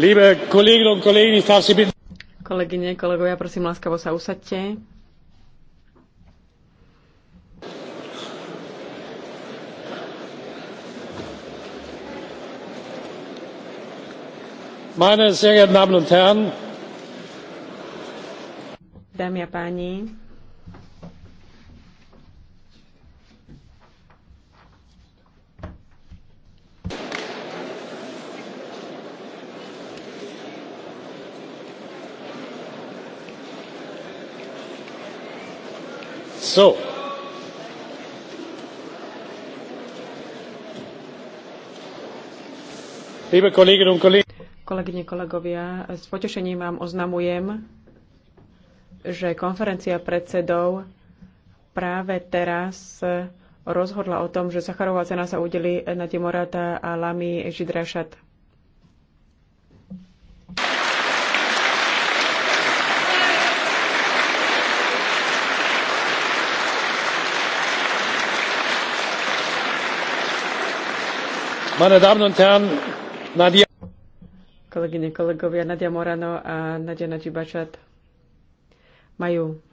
Liebe Kolleginnen und Kollegen, ich darf Sie bitten. Kolegyne, kolegovia, prosím, láskavo sa usadte. Meine sehr geehrten Damen und Herren, Dámy a páni, So. Liebe Kolleginnen und Kollegen. Kolegyne, kolegovia, s potešením vám oznamujem, že konferencia predsedov práve teraz rozhodla o tom, že Sacharová cena sa udeli na Timorata a Lami Židrašat. Kolegyne, kolegovia, Nadia Morano a Nadia Nadžibačat majú